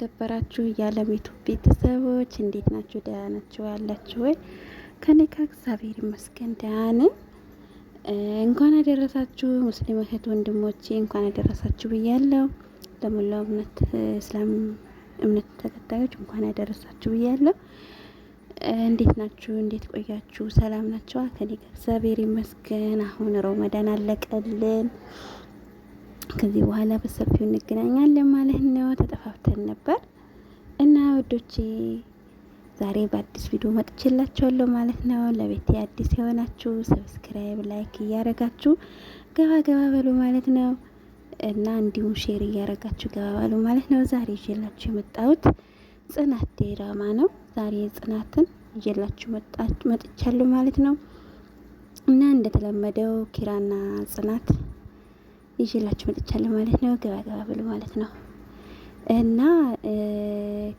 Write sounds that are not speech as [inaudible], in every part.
የተከበራችሁ የዓለሚቱ ቤተሰቦች እንዴት ናችሁ? ደህና ናችሁ ያላችሁ ወይ? ከኔ ከእግዚአብሔር ይመስገን ደህና ነኝ። እንኳን አደረሳችሁ ሙስሊም እህት ወንድሞቼ፣ እንኳን አደረሳችሁ ብያለሁ። ለሙላው እምነት እስላም እምነት ተከታዮች እንኳን አደረሳችሁ ብያለሁ። እንዴት ናችሁ? እንዴት ቆያችሁ? ሰላም ናችሁ? ከኔ ከእግዚአብሔር ይመስገን። አሁን ረመዳን አለቀልን። ከዚህ በኋላ በሰፊው እንገናኛለን ማለት ነው። ተጠፋፍተን ነበር እና ወዶቼ ዛሬ በአዲስ ቪዲዮ መጥቼላችኋለሁ ማለት ነው። ለቤት አዲስ የሆናችሁ ሰብስክራይብ፣ ላይክ እያረጋችሁ ገባ ገባ በሉ ማለት ነው እና እንዲሁም ሼር እያረጋችሁ ገባ በሉ ማለት ነው። ዛሬ ይዤላችሁ የመጣሁት ጽናት ድራማ ነው። ዛሬ ጽናትን ይዤላችሁ መጥቻለሁ ማለት ነው እና እንደተለመደው ኪራና ጽናት ይዤላችሁ መጥቻለሁ ማለት ነው። ገባ ገባ ብሎ ማለት ነው። እና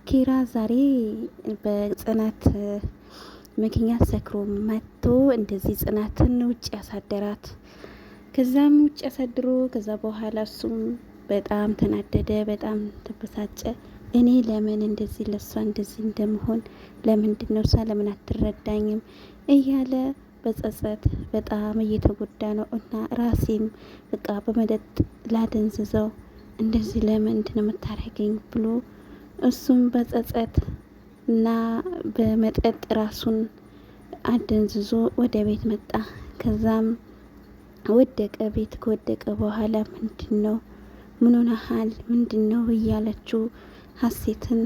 ኪራ ዛሬ በጽናት ምክንያት ሰክሮ መጥቶ እንደዚህ ጽናትን ውጭ ያሳደራት። ከዛም ውጭ ያሳድሮ ከዛ በኋላ እሱም በጣም ተናደደ፣ በጣም ተበሳጨ። እኔ ለምን እንደዚህ ለእሷ እንደዚህ እንደመሆን ለምንድን ነው እሷ ለምን አትረዳኝም እያለ በጸጸት በጣም እየተጎዳ ነው እና ራሴም በቃ በመጠጥ ላደንዝዘው እንደዚህ ለምን እንትን የምታደርገኝ ብሎ እሱም በጸጸት እና በመጠጥ ራሱን አደንዝዞ ወደ ቤት መጣ። ከዛም ወደቀ። ቤት ከወደቀ በኋላ ምንድን ነው ምን ሆነሃል? ምንድን ነው እያለችው ሀሴትን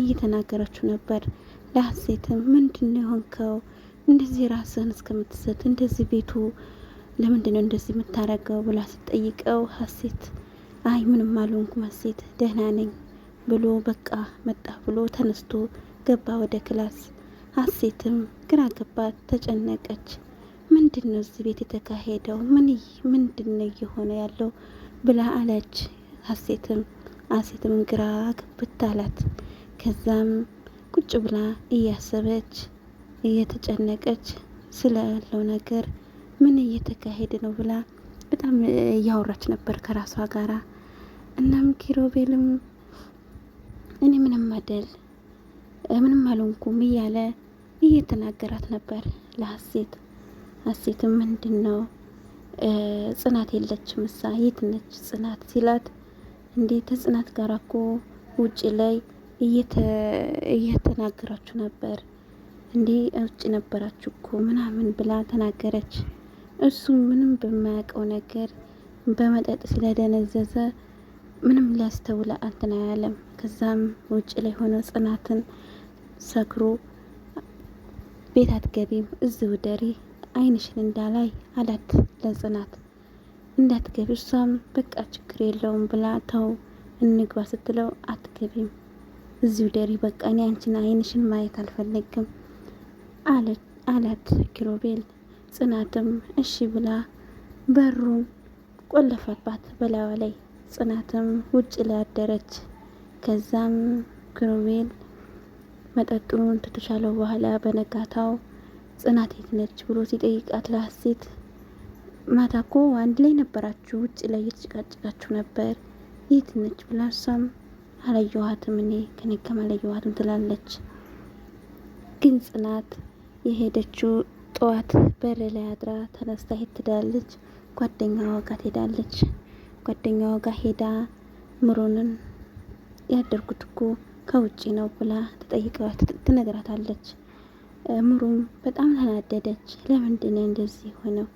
እየተናገረችው ነበር። ለሀሴትም ምንድን ነው የሆንከው እንደዚህ ራስህን እስከምትሰጥ እንደዚህ ቤቱ ለምንድን ነው እንደዚህ የምታደርገው ብላ ስትጠይቀው ሀሴት አይ ምንም አልሆንኩም ሀሴት ደህና ነኝ ብሎ በቃ መጣ ብሎ ተነስቶ ገባ ወደ ክላስ። ሀሴትም ግራ ገባት፣ ተጨነቀች። ምንድን ነው እዚህ ቤት የተካሄደው? ምን ምንድን ነው እየሆነ ያለው ብላ አለች። ሀሴትም ሀሴትም ግራ ግብት አላት። ከዛም ቁጭ ብላ እያሰበች እየተጨነቀች ስለ ያለው ነገር ምን እየተካሄደ ነው ብላ በጣም እያወራች ነበር ከራሷ ጋራ። እናም ኪሮቤልም እኔ ምንም አደል ምንም አልሆንኩም እያለ እየተናገራት ነበር ለሀሴት። ሀሴትም ምንድን ነው ጽናት የለችም እሳ የት ነች ጽናት ሲላት፣ እንዴ ተጽናት ጋር እኮ ውጭ ላይ እየተናገራችሁ ነበር እንዴ እውጭ ነበራችሁ እኮ ምናምን ብላ ተናገረች። እሱም ምንም በማያውቀው ነገር በመጠጥ ስለደነዘዘ ምንም ሊያስተውል እንትን ከዛም ውጭ ላይ ሆነ ጽናትን ሰክሮ ቤት አትገቢም፣ እዚሁ ደሪ፣ አይንሽን እንዳላይ አላት ለጽናት። እንዳትገቢ እሷም በቃ ችግር የለውም ብላ ተው እንግባ ስትለው አትገቢም፣ እዚሁ ደሪ፣ በቃ እኔ አንቺን አይንሽን ማየት አልፈለግም አላት ኪሮቤል። ጽናትም እሺ ብላ በሩን ቆለፈባት በላዋ ላይ። ጽናትም ውጭ ላይ አደረች። ከዛም ኪሮቤል መጠጡን ከተሻለው በኋላ በነጋታው ጽናት የት ነች ብሎ ሲጠይቃት ለሀሴት ማታ እኮ አንድ ላይ ነበራችሁ ውጭ ላይ እየተጨቃጨቃችሁ ነበር የት ነች ብላ እሷም አላየኋትም እኔ ከኔ ጋርም ትላለች ግን ጽናት የሄደችው ጠዋት በር ላይ አድራ ተነስታ ሄድ ትዳለች። ጓደኛዋ ጋ ትሄዳለች። ጓደኛዋ ጋ ሄዳ ምሩንን ያደርጉት እኮ ከውጪ ነው ብላ ተጠይቀዋት ትነግራታለች። ምሩም በጣም ተናደደች። ለምንድን እንደዚህ ሆነው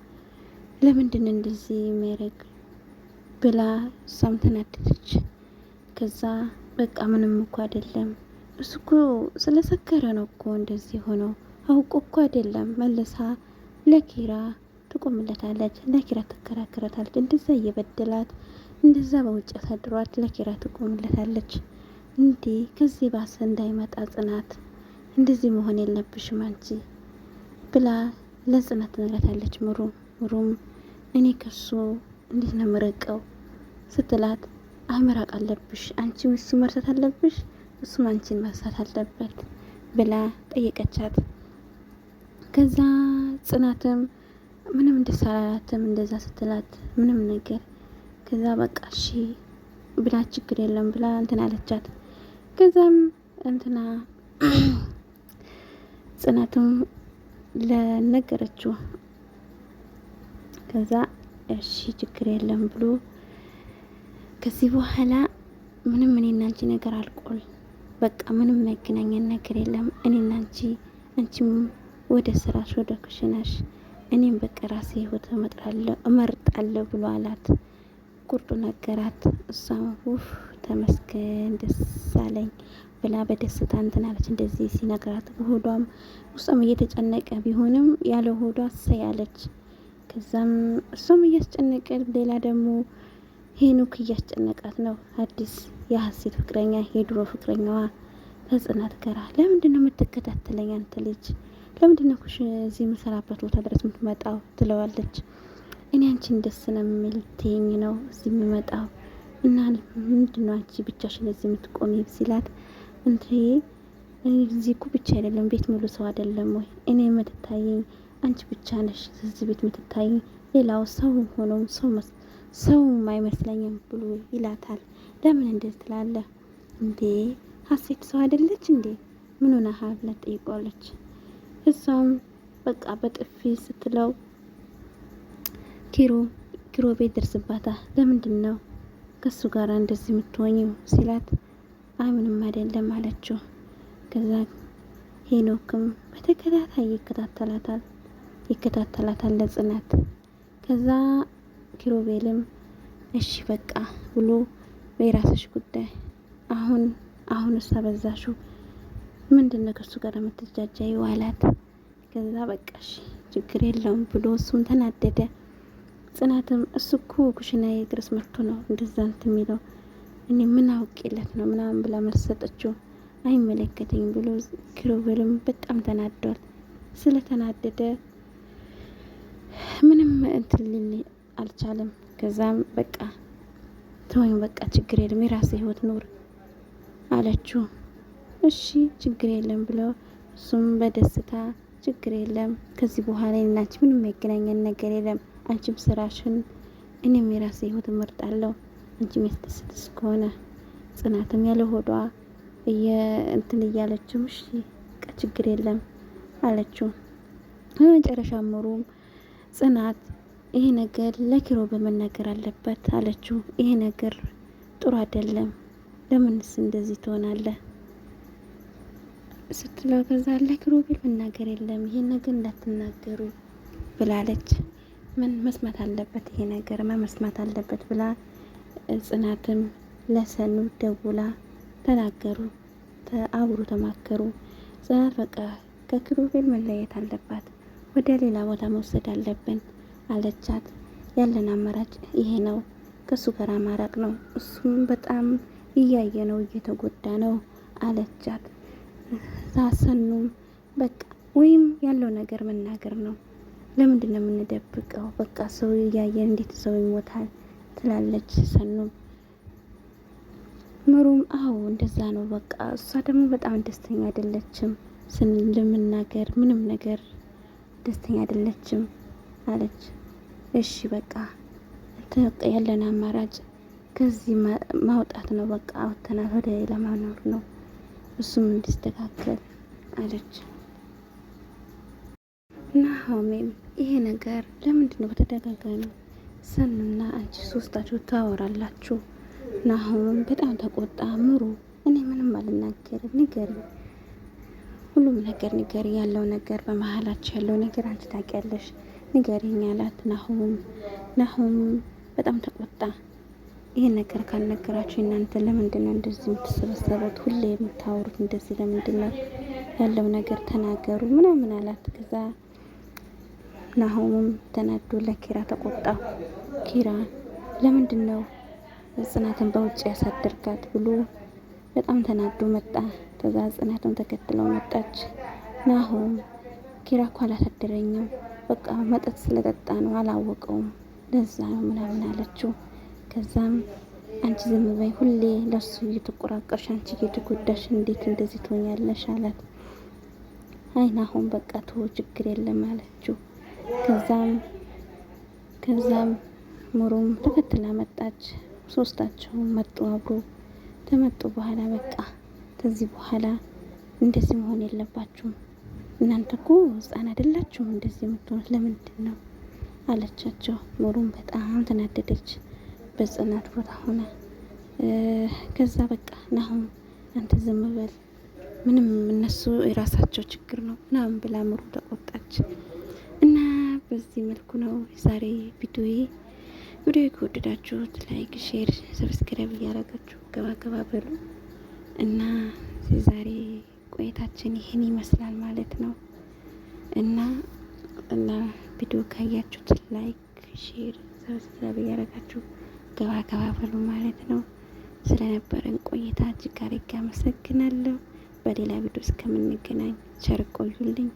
ለምንድን እንደዚህ የሚያደርግ ብላ እሷም ተናደደች። ከዛ በቃ ምንም እኮ አይደለም እሱ እኮ ስለሰከረ ነው እኮ እንደዚህ ሆነው አውቆ እኮ አይደለም መልሳ ለኪራ ትቆምለታለች፣ ለኪራ ትከራከረታለች። እንደዛ እየበደላት እንደዛ በውጭ አሳድሯት ለኪራ ትቆምለታለች። እንዴ ከዚህ ባሰ እንዳይመጣ ጽናት፣ እንደዚህ መሆን የለብሽም አንቺ ብላ ለጽናት ትነግራታለች። ምሩ ምሩም እኔ ከሱ እንዴት ነው የምርቀው ስትላት አይ አለብሽ አንቺ እሱ መርሳት አለብሽ እሱም አንቺን መርሳት አለበት ብላ ጠየቀቻት። ከዛ ጽናትም ምንም ደስ እንደዛ ስትላት ምንም ነገር። ከዛ በቃ እሺ ብላ ችግር የለም ብላ እንትን አለቻት። ከዛም እንትና [clears throat] ጽናትም ለነገረችው ከዛ እሺ ችግር የለም ብሎ ከዚህ በኋላ ምንም እኔ እናንቺ ነገር አልቆል በቃ ምንም መገናኘን ነገር የለም እኔ አንቺ አንቺም ወደ ስራሽ፣ ወደ ኩሽናሽ፣ እኔም በቃ ራሴ ህይወት እመርጣለሁ ብሎ አላት። ቁርጡ ነገራት። እሷም ውፍ ተመስገን ደስ አለኝ ብላ በደስታ እንትን እንደዚህ ሲነግራት ሆዷም እሷም እየተጨነቀ ቢሆንም ያለ ሆዷ ሰያለች። ከዛም እሷም እያስጨነቀ ሌላ ደግሞ ሄኖክ እያስጨነቃት ነው። አዲስ የሀሴት ፍቅረኛ የድሮ ፍቅረኛዋ ከጽናት ጋር ለምንድን ነው የምትከታተለኝ አንተ ልጅ ለምንድን ነው ኩሽ እዚህ የምሰራበት ቦታ ድረስ የምትመጣው ትለዋለች። እኔ አንቺን ደስ ነው የሚል ነው እዚህ የምመጣው እና ምንድን ነው አንቺ ብቻሽን እዚህ የምትቆሚ ሲላት እንት እዚህ እኮ ብቻ አይደለም ቤት ሙሉ ሰው አይደለም ወይ እኔ የምትታየኝ አንቺ ብቻ ነሽ እዚህ ቤት የምትታየኝ ሌላው ሰው ሆኖም ሰው ሰው አይመስለኝም ብሎ ይላታል። ለምን እንደዚህ ትላለህ እንዴ ሀሴት ሰው አይደለች እንዴ ምን ሆነሃል ብላ ትጠይቀዋለች። እሷም በቃ በጥፊ ስትለው ኪሮ ኪሮ ቤት ደርስባታል። ለምንድን ነው ከሱ ጋር እንደዚህ የምትሆኝ ሲላት አይ ምንም አይደለም አለችው። ከዛ ሄኖክም በተከታታይ ይከታተላታል ይከታተላታል ለጽናት። ከዛ ኪሮቤልም እሺ በቃ ብሎ የራስሽ ጉዳይ አሁን አሁን እሳ በዛሽው ምንድን ነው ከእሱ ጋር የምትጃጃይው አላት። ከዛ በቃሽ ችግር የለውም ብሎ እሱም ተናደደ። ጽናትም እሱ እኮ ኩሽናዬ ድረስ መጥቶ ነው እንደዛ እንትን የሚለው እኔ ምን አውቄለት ነው ምናምን ብላ መሰጠችው። ሰጠችው። አይመለከተኝ ብሎ ኪሩቤልም በጣም ተናዷል። ስለተናደደ ምንም እንትን ሊል አልቻለም። ከዛም በቃ ተወኝ በቃ ችግር የለም የራስህ ህይወት ኑር አለችው። እሺ ችግር የለም ብሎ እሱም በደስታ ችግር የለም ከዚህ በኋላ እናች ምንም የሚያገናኘን ነገር የለም፣ አንቺም ስራሽን፣ እኔም የራሴ ህይወት እመርጣለሁ፣ አንቺም ያስደስትሽ ከሆነ ጽናትም ያለ ሆዷ እንትን እያለችም እሺ ችግር የለም አለችው። በመጨረሻ ምሩም ጽናት ይሄ ነገር ለኪሮ በመናገር አለበት አለችው። ይሄ ነገር ጥሩ አይደለም፣ ለምንስ እንደዚህ ትሆናለህ? ስትለው ከዛ ለኪሩቤል መናገር የለም ይሄን ነገር እንዳትናገሩ ብላለች። ምን መስማት አለበት ይሄ ነገር መስማት አለበት ብላ ጽናትም ለሰኑ ደውላ ተናገሩ፣ አብሮ ተማከሩ። ጽናት በቃ ከኪሩቤል መለየት አለባት፣ ወደ ሌላ ቦታ መውሰድ አለብን አለቻት። ያለን አማራጭ ይሄ ነው፣ ከሱ ጋር ማራቅ ነው። እሱም በጣም እያየ ነው፣ እየተጎዳ ነው አለቻት። ሳሰኑም በቃ ወይም ያለው ነገር መናገር ነው። ለምንድን ነው የምንደብቀው? በቃ ሰው እያየን እንዴት ሰው ይሞታል ትላለች ሰኑም። ምሩም አዎ እንደዛ ነው በቃ። እሷ ደግሞ በጣም ደስተኛ አይደለችም ለመናገር ምንም ነገር ደስተኛ አይደለችም አለች። እሺ በቃ ያለን አማራጭ ከዚህ ማውጣት ነው በቃ አውጥተናት ወደ ሌላ ማኖር ነው እሱም እንዲስተካከል አለች። ናሆሜም ይሄ ነገር ለምንድን ነው በተደጋጋሚ ሰኑና አንቺ ሶስታችሁ ታወራላችሁ? ናሆምም በጣም ተቆጣ። ምሩ እኔ ምንም አልናገርም፣ ንገሪኝ ሁሉም ነገር ንገሪኝ፣ ያለው ነገር በመሀላችሁ ያለው ነገር አንቺ ታውቂያለሽ፣ ንገሪኝ አላት ናሆም ናሆም በጣም ተቆጣ። ይህን ነገር ካልነገራችሁ እናንተ ለምንድን ነው እንደዚህ የምትሰበሰበት? ሁሌ የምታወሩት እንደዚህ ለምንድን ነው? ያለው ነገር ተናገሩ ምናምን አላት። ከዛ ናሆምም ተናዶ ለኪራ ተቆጣ። ኪራ ለምንድን ነው ጽናትን በውጭ ያሳደርጋት ብሎ በጣም ተናዶ መጣ። ከዛ ጽናትም ተከትለው መጣች። ናሆም ኪራ እኮ አላሳደረኝም፣ በቃ መጠጥ ስለጠጣ ነው አላወቀውም፣ ለዛ ነው ምናምን አለችው። ከዛም አንቺ ዝም በይ፣ ሁሌ ለሱ እየተቆራቀርሽ አንቺ እየተጎዳሽ እንዴት እንደዚህ ትሆኛለሽ? አላት። አይን አሁን በቃ ቶ ችግር የለም አለችው። ከዛም ከዛም ሙሩም ተከትላ መጣች። ሶስታቸውም መጡ አብሮ። ተመጡ። በኋላ በቃ ከዚህ በኋላ እንደዚህ መሆን የለባችሁም እናንተ እኮ ህፃን አይደላችሁም እንደዚህ የምትሆኑት ለምንድን ነው አለቻቸው። ሙሩም በጣም ተናደደች። በጽናት ቦታ ሆነ። ከዛ በቃ ናሁም አንተ ዝም በል ምንም እነሱ የራሳቸው ችግር ነው ምናምን ብላ ምሩ ተቆጣች። እና በዚህ መልኩ ነው ዛሬ ቪዲዮ ቪዲዮ ከወደዳችሁት ላይክ፣ ሼር፣ ሰብስክራይብ እያረጋችሁ ገባገባ በሉ እና ዛሬ ቆይታችን ይህን ይመስላል ማለት ነው እና እና ቪዲዮ ካያችሁት ላይክ፣ ሼር፣ ሰብስክራይብ እያረጋችሁ ገባ ገባ በሉ ማለት ነው። ስለነበረን ቆይታ እጅግ አድርጌ አመሰግናለሁ። በሌላ ቪዲዮ እስከምንገናኝ ቸር ቆዩልኝ።